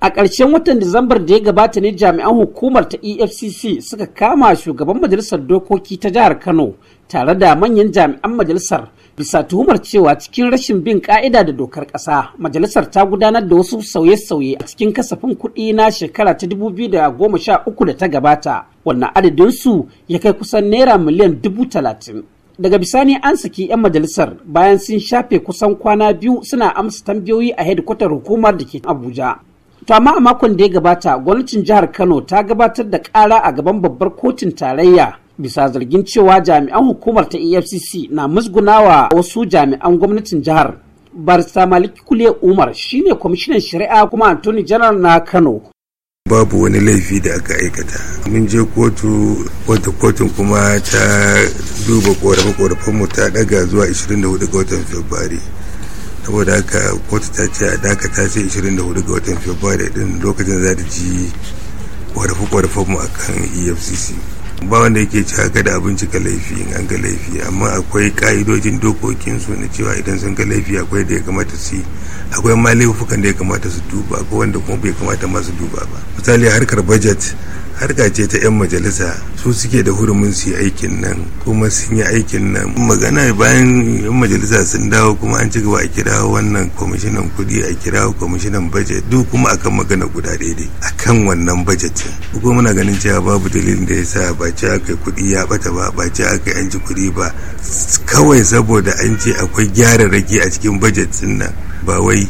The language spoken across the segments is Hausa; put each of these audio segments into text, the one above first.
A ƙarshen watan Disambar da ya gabata ne jami'an hukumar ta EFCC suka kama shugaban majalisar dokoki ta jihar Kano tare da manyan jami'an majalisar bisa tuhumar cewa cikin rashin bin ka'ida da dokar ƙasa majalisar ta gudanar da wasu sauye-sauye a cikin kasafin kuɗi na shekara ta 2013 da ta gabata wannan adadin su ya kai kusan naira miliyan dubu talatin. daga bisani an saki 'yan majalisar bayan sun shafe kusan kwana biyu suna amsa tambayoyi a hedikwatar hukumar da ke abuja To amma a makon da ya gabata gwamnatin jihar Kano ta gabatar da ƙara a gaban babbar kotun tarayya bisa zargin cewa jami'an hukumar ta EFCC na musgunawa wasu jami'an gwamnatin jihar. Barista Maliki Kule Umar shine kwamishinan shari'a kuma antoni janar na Kano. Babu wani laifi da aka aikata. Mun je kotu wata kotun kuma ta duba korafe mu ta daga zuwa 24 ga watan Fabrairu. saboda haka kotu ta ce a dakata da 24 ga watan february din lokacin za ta ji kwarfe kwarfe mu akan efcc ba wanda yake ci haka da abinci ka laifi in an ga laifi amma akwai ka'idojin dokokinsu na cewa idan sun ga laifi akwai da ya kamata su akwai ma laifukan da ya kamata su duba akwai wanda kuma bai kamata masu duba ba misali harkar budget har kace ta 'yan majalisa su suke da hurumin su yi aikin nan kuma sun yi aikin nan magana bayan 'yan majalisa sun dawo kuma an ci gaba a kira wannan kwamishinan kudi a kira kwamishinan bajet duk kuma akan magana guda daidai kan wannan bajet kuma muna ganin cewa babu dalilin da ya sa ba ce aka kudi ya bata ba ba ce aka an ci kudi ba kawai saboda an ce akwai gyararraki a cikin bajet din nan ba wai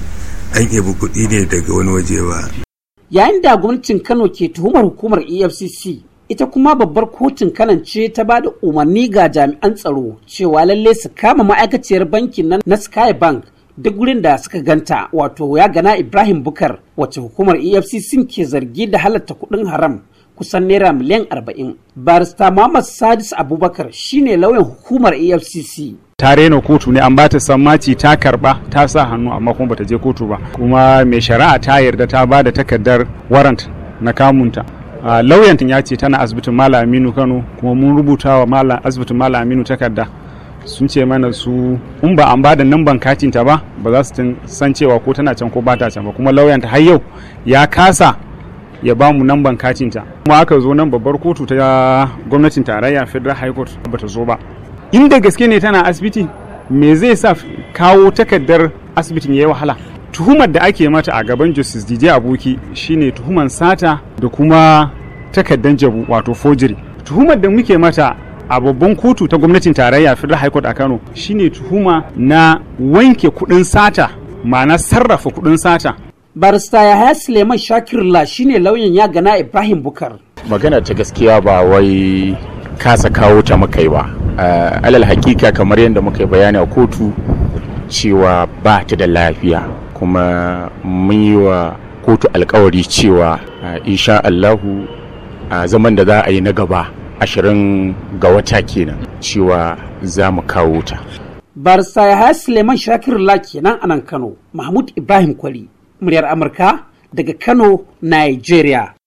an yabi kuɗi ne daga wani waje ba yayin da gwamnatin kano ke tuhumar hukumar efcc ita kuma babbar kotun kanan ce ta ba da umarni ga jami'an tsaro cewa lalle su kama ma'aikaciyar bankin nan na sky bank duk wurin da suka ganta wato ya gana ibrahim bukar wacce hukumar efcc ke zargi da halatta kuɗin haram kusan naira miliyan arba'in barista muhammad sadis abubakar shine lauyan hukumar efcc ta rena kotu ne an ba ta sammaci ta karba ta sa hannu amma kuma bata je kotu ba kuma mai shari'a ta yarda ta ba da takardar warrant na kamunta lauyantin ya ce tana asibitin malam aminu kano kuma mun rubuta wa asibitin malam aminu takarda sun ce mana su in ba an bada namban katin ta ba ba za su san cewa ko tana can ko bata can ba kuma lauyan ta har yau ya kasa ya ba mu namban katin ta kuma aka zo nan babbar kotu ta gwamnatin tarayya federal high court ba ta zo ba inda gaske ne tana asibiti me zai sa kawo takardar asibitin ya yi wahala tuhumar da ake mata a gaban justice dj aboki shine tuhuman sata da kuma takardar jabu wato forgery tuhumar da muke mata a babban kotu ta gwamnatin tarayya federal high court a kano shine tuhuma na wanke kudin sata ma'ana sarrafa kudin sata barista Haya suleiman shakirla shine lauyan ya gana ibrahim bukar magana ta gaskiya ba wai kasa kawo ta makai ba Eh, alal hakika kamar yadda muka bayani a kotu cewa ba ta da lafiya kuma mun yi wa kotu alkawari cewa eh, insha allahu a eh, zaman da za a yi na gaba ashirin ga wata kenan cewa za mu kawo ta barsa ya haya suleiman shakirullah kenan a nan kano mahmud ibrahim kwali muryar amurka daga kano nigeria